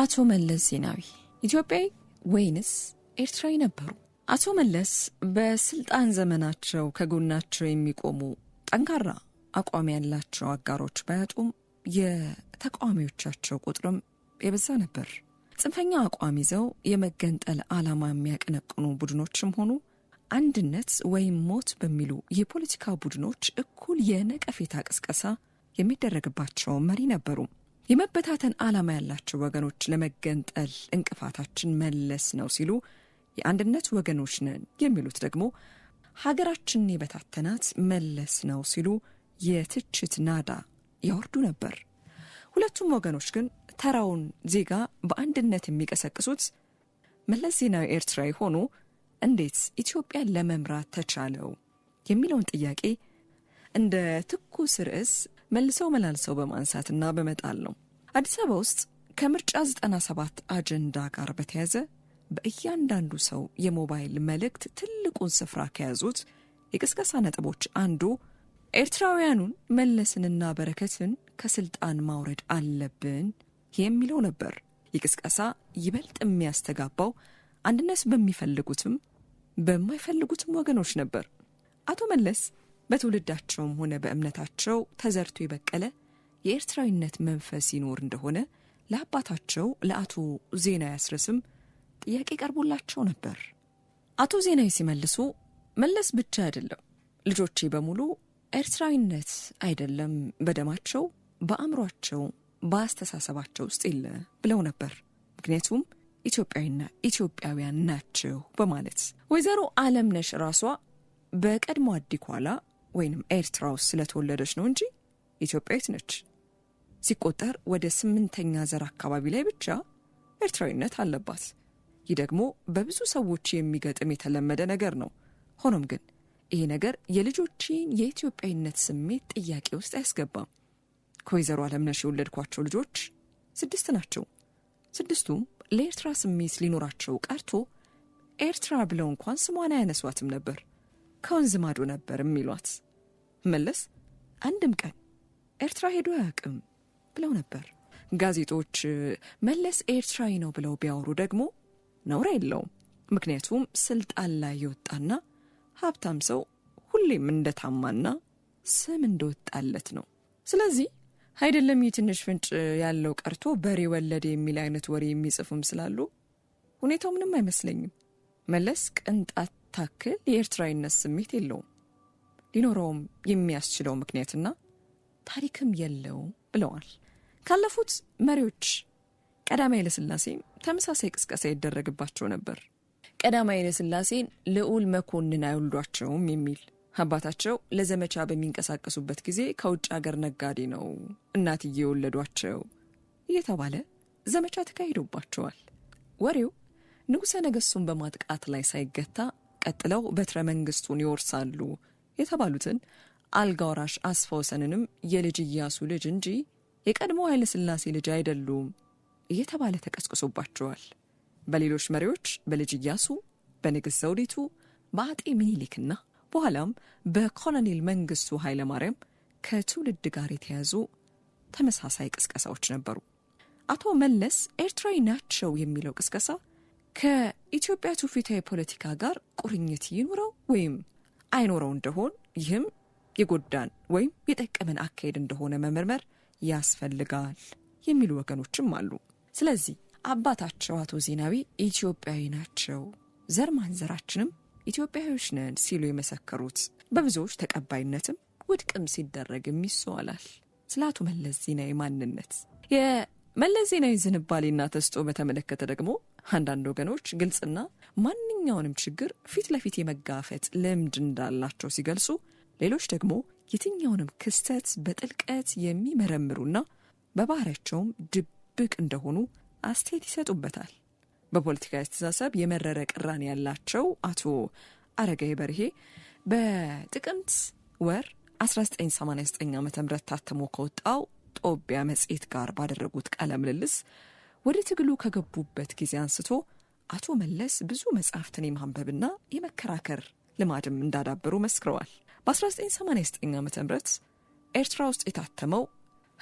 አቶ መለስ ዜናዊ ኢትዮጵያዊ ወይንስ ኤርትራዊ ነበሩ? አቶ መለስ በስልጣን ዘመናቸው ከጎናቸው የሚቆሙ ጠንካራ አቋም ያላቸው አጋሮች ባያጡም የተቃዋሚዎቻቸው ቁጥርም የበዛ ነበር። ጽንፈኛ አቋም ይዘው የመገንጠል ዓላማ የሚያቀነቅኑ ቡድኖችም ሆኑ አንድነት ወይም ሞት በሚሉ የፖለቲካ ቡድኖች እኩል የነቀፌታ ቅስቀሳ የሚደረግባቸው መሪ ነበሩ። የመበታተን ዓላማ ያላቸው ወገኖች ለመገንጠል እንቅፋታችን መለስ ነው ሲሉ የአንድነት ወገኖች ነን የሚሉት ደግሞ ሀገራችንን የበታተናት መለስ ነው ሲሉ የትችት ናዳ ያወርዱ ነበር። ሁለቱም ወገኖች ግን ተራውን ዜጋ በአንድነት የሚቀሰቅሱት መለስ ዜናዊ ኤርትራዊ ሆኖ እንዴት ኢትዮጵያን ለመምራት ተቻለው የሚለውን ጥያቄ እንደ ትኩስ ርዕስ መልሰው መላልሰው በማንሳትና በመጣል ነው። አዲስ አበባ ውስጥ ከምርጫ 97 አጀንዳ ጋር በተያያዘ በእያንዳንዱ ሰው የሞባይል መልእክት ትልቁን ስፍራ ከያዙት የቅስቀሳ ነጥቦች አንዱ ኤርትራውያኑን መለስንና በረከትን ከስልጣን ማውረድ አለብን የሚለው ነበር። የቅስቀሳ ይበልጥ የሚያስተጋባው አንድነት በሚፈልጉትም በማይፈልጉትም ወገኖች ነበር። አቶ መለስ በትውልዳቸውም ሆነ በእምነታቸው ተዘርቶ የበቀለ የኤርትራዊነት መንፈስ ይኖር እንደሆነ ለአባታቸው ለአቶ ዜና ያስረስም ጥያቄ ቀርቦላቸው ነበር። አቶ ዜናዊ ሲመልሱ መለስ ብቻ አይደለም ልጆቼ በሙሉ ኤርትራዊነት አይደለም በደማቸው፣ በአእምሯቸው፣ በአስተሳሰባቸው ውስጥ የለ ብለው ነበር። ምክንያቱም ኢትዮጵያዊና ኢትዮጵያውያን ናቸው በማለት ወይዘሮ አለምነሽ ራሷ በቀድሞ አዲኳላ ወይንም ኤርትራ ውስጥ ስለተወለደች ነው እንጂ ኢትዮጵያዊት ነች። ሲቆጠር ወደ ስምንተኛ ዘር አካባቢ ላይ ብቻ ኤርትራዊነት አለባት። ይህ ደግሞ በብዙ ሰዎች የሚገጥም የተለመደ ነገር ነው። ሆኖም ግን ይሄ ነገር የልጆችን የኢትዮጵያዊነት ስሜት ጥያቄ ውስጥ አያስገባም። ከወይዘሮ አለምነሽ የወለድኳቸው ልጆች ስድስት ናቸው። ስድስቱም ለኤርትራ ስሜት ሊኖራቸው ቀርቶ ኤርትራ ብለው እንኳን ስሟን አያነሷትም ነበር። ከወንዝ ማዶ ነበር የሚሏት። መለስ አንድም ቀን ኤርትራ ሄዶ አያውቅም ብለው ነበር። ጋዜጦች መለስ ኤርትራዊ ነው ብለው ቢያወሩ ደግሞ ነውር የለውም። ምክንያቱም ስልጣን ላይ የወጣና ሀብታም ሰው ሁሌም እንደታማና ስም እንደወጣለት ነው። ስለዚህ አይደለም ይህ ትንሽ ፍንጭ ያለው ቀርቶ በሬ ወለደ የሚል አይነት ወሬ የሚጽፉም ስላሉ ሁኔታው ምንም አይመስለኝም። መለስ ቅንጣት ታክል የኤርትራዊነት ስሜት የለውም። ሊኖረውም የሚያስችለው ምክንያትና ታሪክም የለውም ብለዋል። ካለፉት መሪዎች ቀዳማዊ ኃይለሥላሴም ተመሳሳይ ቅስቀሳ ይደረግባቸው ነበር። ቀዳማዊ ኃይለሥላሴን ልዑል መኮንን አይወልዷቸውም የሚል አባታቸው ለዘመቻ በሚንቀሳቀሱበት ጊዜ ከውጭ አገር ነጋዴ ነው እናትዬ የወለዷቸው እየተባለ ዘመቻ ተካሂዶባቸዋል። ወሬው ንጉሠ ነገሥቱን በማጥቃት ላይ ሳይገታ ቀጥለው በትረ መንግሥቱን ይወርሳሉ የተባሉትን አልጋ ወራሽ አስፋወሰንንም የልጅ እያሱ ልጅ እንጂ የቀድሞ ኃይለሥላሴ ልጅ አይደሉም እየተባለ ተቀስቅሶባቸዋል። በሌሎች መሪዎች በልጅ እያሱ፣ በንግሥት ዘውዲቱ፣ በአጤ ምኒልክና በኋላም በኮሎኔል መንግሥቱ ኃይለማርያም ከትውልድ ጋር የተያዙ ተመሳሳይ ቅስቀሳዎች ነበሩ። አቶ መለስ ኤርትራዊ ናቸው የሚለው ቅስቀሳ ከኢትዮጵያ ትውፊታዊ ፖለቲካ ጋር ቁርኝት ይኑረው ወይም አይኖረው እንደሆን ይህም የጎዳን ወይም የጠቀመን አካሄድ እንደሆነ መመርመር ያስፈልጋል የሚሉ ወገኖችም አሉ። ስለዚህ አባታቸው አቶ ዜናዊ ኢትዮጵያዊ ናቸው፣ ዘር ማንዘራችንም ኢትዮጵያዊዎች ነን ሲሉ የመሰከሩት በብዙዎች ተቀባይነትም ውድቅም ሲደረግም ይስተዋላል። ስለ አቶ መለስ ዜናዊ ማንነት የመለስ ዜናዊ ዝንባሌና ተስጦ በተመለከተ ደግሞ አንዳንድ ወገኖች ግልጽና ማንኛውንም ችግር ፊት ለፊት የመጋፈጥ ልምድ እንዳላቸው ሲገልጹ፣ ሌሎች ደግሞ የትኛውንም ክስተት በጥልቀት የሚመረምሩና በባህሪያቸውም ድብቅ እንደሆኑ አስተያየት ይሰጡበታል። በፖለቲካ አስተሳሰብ የመረረ ቅራኔ ያላቸው አቶ አረጋዊ በርሄ በጥቅምት ወር 1989 ዓ ም ታትሞ ከወጣው ጦቢያ መጽሔት ጋር ባደረጉት ቃለ ምልልስ ወደ ትግሉ ከገቡበት ጊዜ አንስቶ አቶ መለስ ብዙ መጽሐፍትን የማንበብና የመከራከር ልማድም እንዳዳበሩ መስክረዋል። በ1989 ዓ ም ኤርትራ ውስጥ የታተመው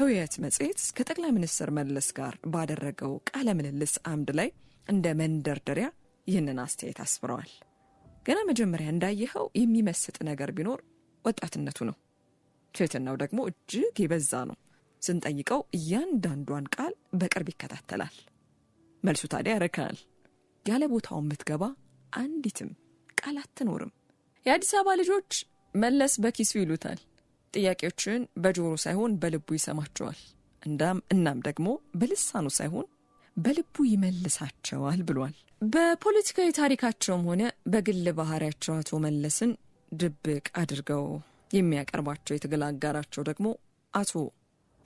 ህውየት መጽሔት ከጠቅላይ ሚኒስትር መለስ ጋር ባደረገው ቃለ ምልልስ አምድ ላይ እንደ መንደርደሪያ ይህንን አስተያየት አስፍረዋል። ገና መጀመሪያ እንዳየኸው የሚመስጥ ነገር ቢኖር ወጣትነቱ ነው። ትህትናው ደግሞ እጅግ የበዛ ነው። ስንጠይቀው እያንዳንዷን ቃል በቅርብ ይከታተላል። መልሱ ታዲያ ያረካል። ያለ ቦታውን ብትገባ አንዲትም ቃል አትኖርም። የአዲስ አበባ ልጆች መለስ በኪሱ ይሉታል። ጥያቄዎችን በጆሮ ሳይሆን በልቡ ይሰማቸዋል። እንዳም እናም ደግሞ በልሳኑ ሳይሆን በልቡ ይመልሳቸዋል ብሏል። በፖለቲካዊ ታሪካቸውም ሆነ በግል ባህሪያቸው አቶ መለስን ድብቅ አድርገው የሚያቀርባቸው የትግል አጋራቸው ደግሞ አቶ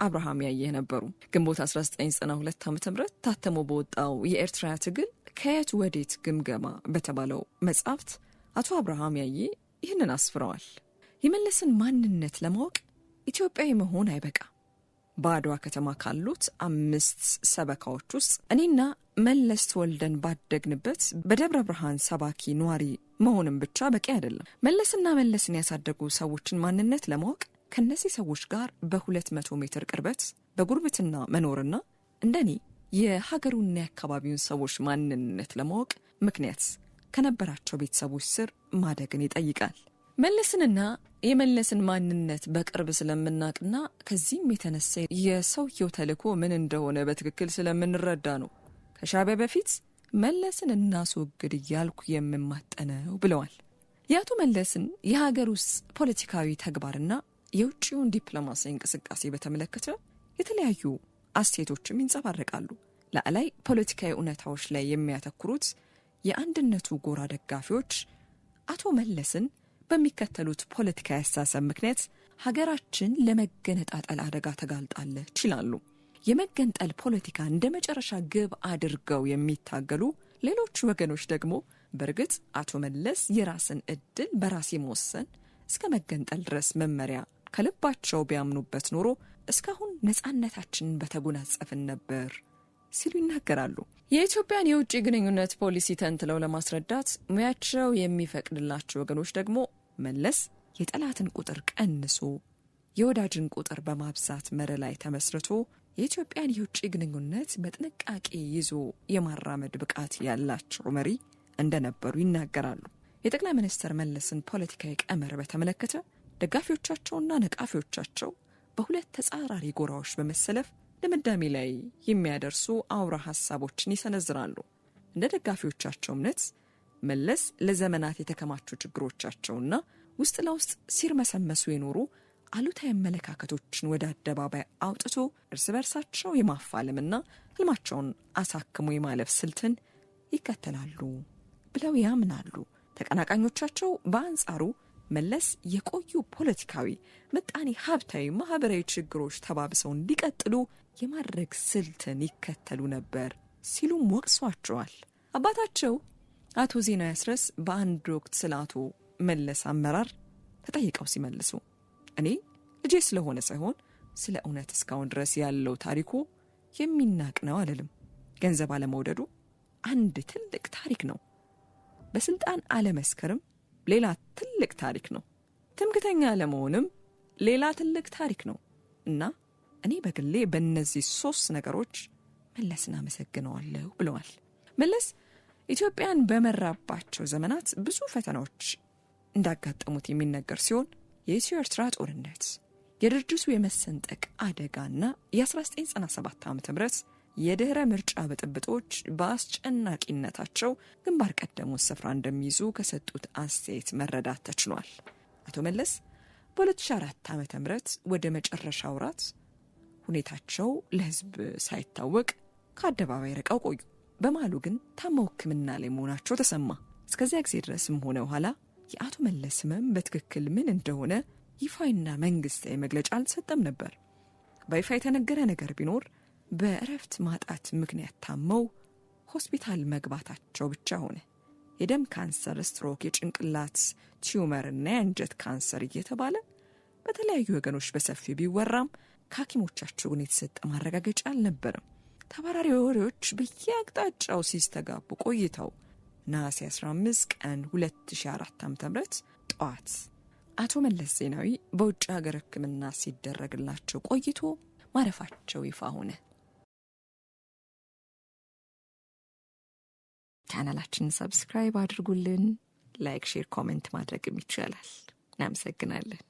አብርሃም ያየህ ነበሩ። ግንቦት 1992 ዓ ም ታተሞ በወጣው የኤርትራ ትግል ከየት ወዴት ግምገማ በተባለው መጽሐፍት አቶ አብርሃም ያየ ይህንን አስፍረዋል። የመለስን ማንነት ለማወቅ ኢትዮጵያዊ መሆን አይበቃ። በአድዋ ከተማ ካሉት አምስት ሰበካዎች ውስጥ እኔና መለስ ተወልደን ባደግንበት በደብረ ብርሃን ሰባኪ ነዋሪ መሆንም ብቻ በቂ አይደለም። መለስና መለስን ያሳደጉ ሰዎችን ማንነት ለማወቅ ከነዚህ ሰዎች ጋር በ200 ሜትር ቅርበት በጉርብትና መኖርና እንደኔ የሀገሩና የአካባቢውን ሰዎች ማንነት ለማወቅ ምክንያት ከነበራቸው ቤተሰቦች ስር ማደግን ይጠይቃል። መለስንና የመለስን ማንነት በቅርብ ስለምናውቅና ከዚህም የተነሳ የሰውየው ተልዕኮ ምን እንደሆነ በትክክል ስለምንረዳ ነው ከሻዕቢያ በፊት መለስን እናስወግድ እያልኩ የምማጠነው ብለዋል። የአቶ መለስን የሀገር ውስጥ ፖለቲካዊ ተግባርና የውጭውን ዲፕሎማሲያዊ እንቅስቃሴ በተመለከተ የተለያዩ አስተያየቶችም ይንጸባረቃሉ። ላዕላይ ፖለቲካዊ እውነታዎች ላይ የሚያተኩሩት የአንድነቱ ጎራ ደጋፊዎች አቶ መለስን በሚከተሉት ፖለቲካዊ አስተሳሰብ ምክንያት ሀገራችን ለመገነጣጠል አደጋ ተጋልጣለች ይላሉ። የመገንጠል ፖለቲካ እንደ መጨረሻ ግብ አድርገው የሚታገሉ ሌሎች ወገኖች ደግሞ በእርግጥ አቶ መለስ የራስን እድል በራስ የመወሰን እስከ መገንጠል ድረስ መመሪያ ከልባቸው ቢያምኑበት ኖሮ እስካሁን ነፃነታችንን በተጎናጸፍን ነበር ሲሉ ይናገራሉ። የኢትዮጵያን የውጭ ግንኙነት ፖሊሲ ተንትለው ለማስረዳት ሙያቸው የሚፈቅድላቸው ወገኖች ደግሞ መለስ የጠላትን ቁጥር ቀንሶ የወዳጅን ቁጥር በማብዛት መር ላይ ተመስርቶ የኢትዮጵያን የውጭ ግንኙነት በጥንቃቄ ይዞ የማራመድ ብቃት ያላቸው መሪ እንደነበሩ ይናገራሉ። የጠቅላይ ሚኒስትር መለስን ፖለቲካዊ ቀመር በተመለከተ ደጋፊዎቻቸውና ነቃፊዎቻቸው በሁለት ተጻራሪ ጎራዎች በመሰለፍ ለምዳሜ ላይ የሚያደርሱ አውራ ሀሳቦችን ይሰነዝራሉ። እንደ ደጋፊዎቻቸው እምነት መለስ ለዘመናት የተከማቹ ችግሮቻቸውና ውስጥ ለውስጥ ሲርመሰመሱ የኖሩ አሉታዊ አመለካከቶችን ወደ አደባባይ አውጥቶ እርስ በርሳቸው የማፋለምና ህልማቸውን አሳክሞ የማለፍ ስልትን ይከተላሉ ብለው ያምናሉ። ተቀናቃኞቻቸው በአንጻሩ መለስ የቆዩ ፖለቲካዊ፣ ምጣኔ ሀብታዊ፣ ማህበራዊ ችግሮች ተባብሰው እንዲቀጥሉ የማድረግ ስልትን ይከተሉ ነበር ሲሉም ወቅሷቸዋል። አባታቸው አቶ ዜናዊ ያስረስ በአንድ ወቅት ስለ አቶ መለስ አመራር ተጠይቀው ሲመልሱ እኔ ልጄ ስለሆነ ሳይሆን ስለ እውነት እስካሁን ድረስ ያለው ታሪኩ የሚናቅ ነው አልልም። ገንዘብ አለመውደዱ አንድ ትልቅ ታሪክ ነው። በስልጣን አለመስከርም ሌላ ትልቅ ታሪክ ነው። ትምክተኛ ለመሆንም ሌላ ትልቅ ታሪክ ነው እና እኔ በግሌ በእነዚህ ሶስት ነገሮች መለስን አመሰግነዋለሁ ብለዋል። መለስ ኢትዮጵያን በመራባቸው ዘመናት ብዙ ፈተናዎች እንዳጋጠሙት የሚነገር ሲሆን የኢትዮ ኤርትራ ጦርነት፣ የድርጅቱ የመሰንጠቅ አደጋና የ1997 ዓ ም የድህረ ምርጫ ብጥብጦች በአስጨናቂነታቸው ግንባር ቀደሙን ስፍራ እንደሚይዙ ከሰጡት አስተያየት መረዳት ተችሏል። አቶ መለስ በ2004 ዓ ም ወደ መጨረሻ ውራት ሁኔታቸው ለህዝብ ሳይታወቅ ከአደባባይ ርቀው ቆዩ። በመሃሉ ግን ታመው ሕክምና ላይ መሆናቸው ተሰማ። እስከዚያ ጊዜ ድረስም ሆነ ኋላ የአቶ መለስ ህመም በትክክል ምን እንደሆነ ይፋይና መንግሥታዊ መግለጫ አልተሰጠም ነበር። በይፋ የተነገረ ነገር ቢኖር በእረፍት ማጣት ምክንያት ታመው ሆስፒታል መግባታቸው ብቻ ሆነ። የደም ካንሰር፣ ስትሮክ፣ የጭንቅላት ቲዩመር እና የአንጀት ካንሰር እየተባለ በተለያዩ ወገኖች በሰፊው ቢወራም ከሐኪሞቻቸው ግን የተሰጠ ማረጋገጫ አልነበርም። ተባራሪ ወሬዎች በየአቅጣጫው ሲስተጋቡ ቆይተው ነሐሴ 15 ቀን 2004 ዓ.ም ጠዋት አቶ መለስ ዜናዊ በውጭ ሀገር ሕክምና ሲደረግላቸው ቆይቶ ማረፋቸው ይፋ ሆነ። ቻናላችንን ሰብስክራይብ አድርጉልን። ላይክ፣ ሼር፣ ኮሜንት ማድረግም ይቻላል። እናመሰግናለን።